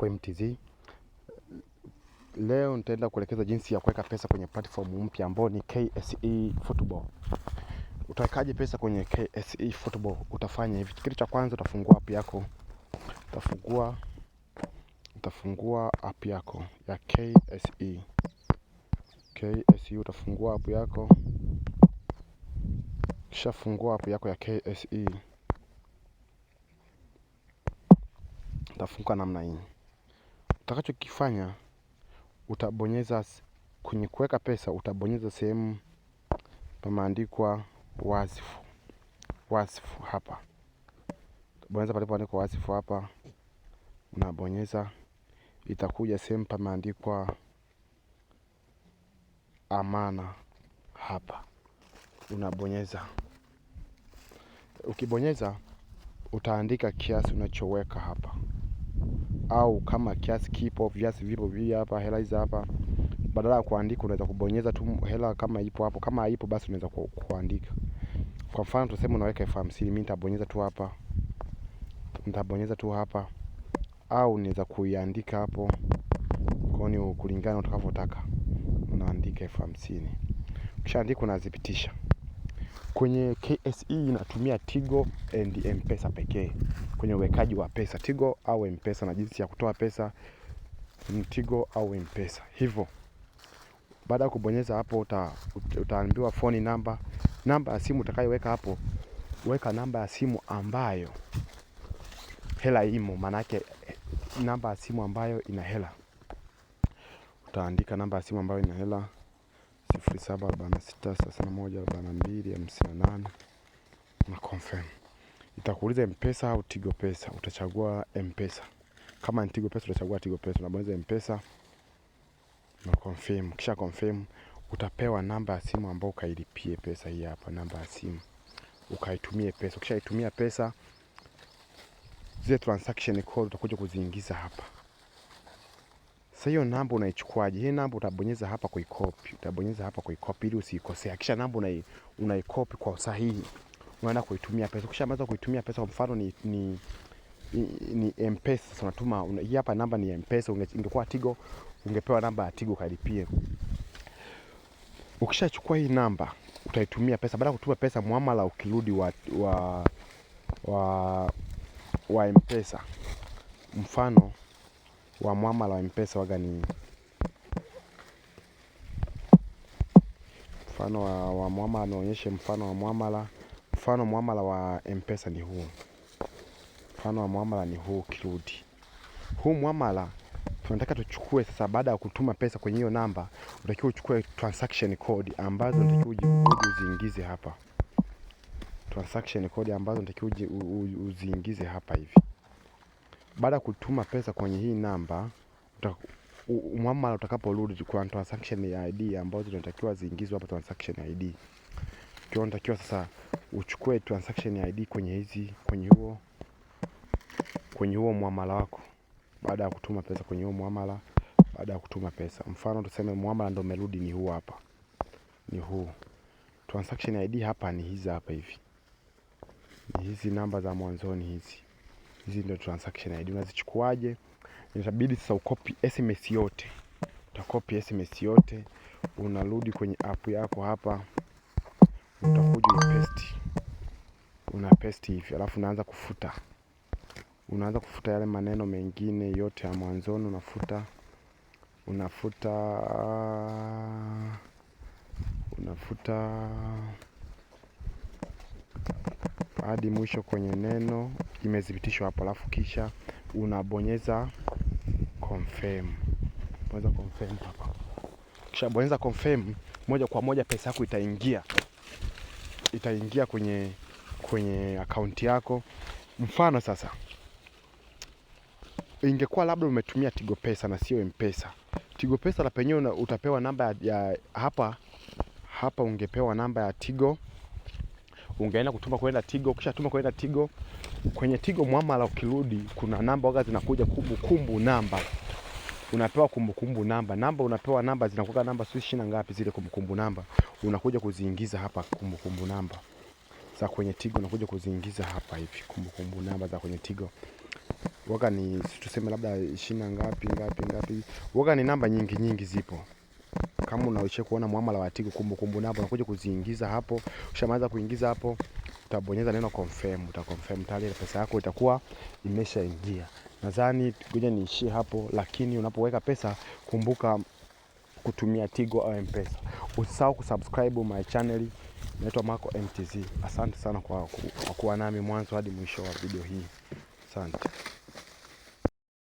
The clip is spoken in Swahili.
kwa MTZ. Leo nitaenda kuelekeza jinsi ya kuweka pesa kwenye platform mpya ambayo ni KSE Football. Utawekaje pesa kwenye KSE Football? Utafanya hivi, kitu cha kwanza utafungua app yako, utafungua utafungua app yako ya KSE. KSE utafungua app yako, kisha fungua app yako ya KSE, utafunguka namna hii utakachokifanya utabonyeza kwenye kuweka pesa, utabonyeza sehemu pameandikwa wasifu, wasifu hapa, bonyeza palipoandikwa wasifu hapa, unabonyeza itakuja sehemu pameandikwa amana hapa, unabonyeza. Ukibonyeza utaandika kiasi unachoweka hapa au kama kiasi kipo, viasi vipo vii hapa, hela hizi hapa. Badala ya kuandika, unaweza kubonyeza tu hela kama ipo hapo. Kama haipo, basi unaweza kuandika. Kwa mfano tuseme unaweka elfu hamsini mimi nitabonyeza tu hapa, nitabonyeza tu hapa, au unaweza kuiandika hapo. Kwa hiyo kulingana utakavyotaka, unaandika elfu hamsini ukishaandika unazipitisha. Kwenye KSE inatumia Tigo and Mpesa pekee kwenye uwekaji wa pesa, Tigo au mpesa na jinsi ya kutoa pesa ni Tigo au mpesa Hivyo baada ya kubonyeza hapo uta, utaambiwa phone namba, namba ya simu utakayoweka hapo, weka namba ya simu ambayo hela imo, maanake namba ya simu ambayo ina hela. Utaandika namba ya simu ambayo ina hela sifuri saba arobaini na sita thelathini na moja arobaini na mbili hamsini na nane na confirm. Itakuuliza Mpesa au Tigo Pesa, utachagua Mpesa. Kama ni Tigo Pesa utachagua Tigo Pesa, unabonyeza Mpesa na confirm. Kisha confirm, utapewa namba ya simu ambayo ukailipie pesa. Hii hapa namba ya simu, ukaitumie pesa. Ukishaitumia pesa, zile transaction code utakuja kuziingiza hapa. Sasa hiyo namba unaichukuaje? Hii namba utabonyeza hapa kuikopi, utabonyeza hapa kuikopi ili usikosee. Kisha namba unai unaikopi kwa usahihi, unaenda kuitumia pesa. Ukishamaliza kuitumia pesa, kwa mfano ni ni ni, ni Mpesa unatuma una, hii hapa namba ni m Mpesa. Ungekuwa Tigo ungepewa namba ya Tigo kalipie. Ukishachukua hii namba utaitumia pesa. Baada ya kutuma pesa, muamala ukirudi wa wa wa, wa M-Pesa, mfano wa mwamala wa mpesa waga ni mfano wa, wa mwamala nionyeshe mfano wa mwamala mfano mwamala wa mpesa ni huu mfano wa mwamala ni huu kirudi huu mwamala tunataka tuchukue sasa baada ya kutuma pesa kwenye hiyo namba unatakiwa uchukue transaction code ambazo unatakiwa uziingize hapa transaction code ambazo unatakiwa uziingize hapa hivi baada ya kutuma pesa kwenye hii namba, muamala utakaporudi kwa transaction ya ID ambazo zinatakiwa ziingizwe hapa transaction ID. Kwa unatakiwa sasa uchukue transaction ID kwenye hizi kwenye huo kwenye huo muamala wako baada ya kutuma pesa kwenye huo muamala baada ya kutuma pesa. Mfano tuseme muamala ndio umerudi ni huu hapa. Ni huu. Transaction ID hapa ni hizi hapa hivi. Ni hizi namba za mwanzoni hizi. Hizi ndio transaction ID unazichukuaje? Inabidi sasa ukopi SMS yote, utakopi SMS yote, unarudi kwenye app yako hapa, utakuja paste, una paste hivi, alafu unaanza kufuta, unaanza kufuta yale maneno mengine yote ya mwanzoni, unafuta unafuta unafuta hadi mwisho kwenye neno kimethibitishwa hapo, alafu kisha unabonyeza confirm. Bonyeza confirm hapa, kisha bonyeza confirm, moja kwa moja pesa yako itaingia, itaingia kwenye kwenye akaunti yako. Mfano sasa, ingekuwa labda umetumia Tigo Pesa na sio Mpesa, Tigo Pesa la penyewe utapewa namba ya hapa hapa, ungepewa namba ya Tigo ungeenda kutuma kwenda Tigo, kisha tuma kwenda Tigo. Kwenye Tigo mwamala ukirudi, kuna namba waga zinakuja kumbukumbu namba, unapewa kumbukumbu namba namba, unapewa namba zinakuwa namba sio ishirini na ngapi zile kumbukumbu namba, unakuja kuziingiza hapa kumbukumbu namba za kwenye Tigo, unakuja kuziingiza hapa hivi kumbukumbu namba za kwenye Tigo waga ni tuseme labda ishirini na ngapi ngapi ngapi, waga ni namba nyingi nyingi zipo kama unaisha kuona muamala wa Tigo kumbukumbu napo unakuja kuziingiza hapo. Ushamaliza kuingiza hapo, utabonyeza neno confirm, uta confirm tayari pesa yako itakuwa imeshaingia. Nadhani ngoja niishie hapo, lakini unapoweka pesa kumbuka kutumia Tigo au M-Pesa. Usisahau kusubscribe my channel. Naitwa Marco MTZ. Asante sana kwa kuwa nami mwanzo hadi mwisho wa video hii. Asante.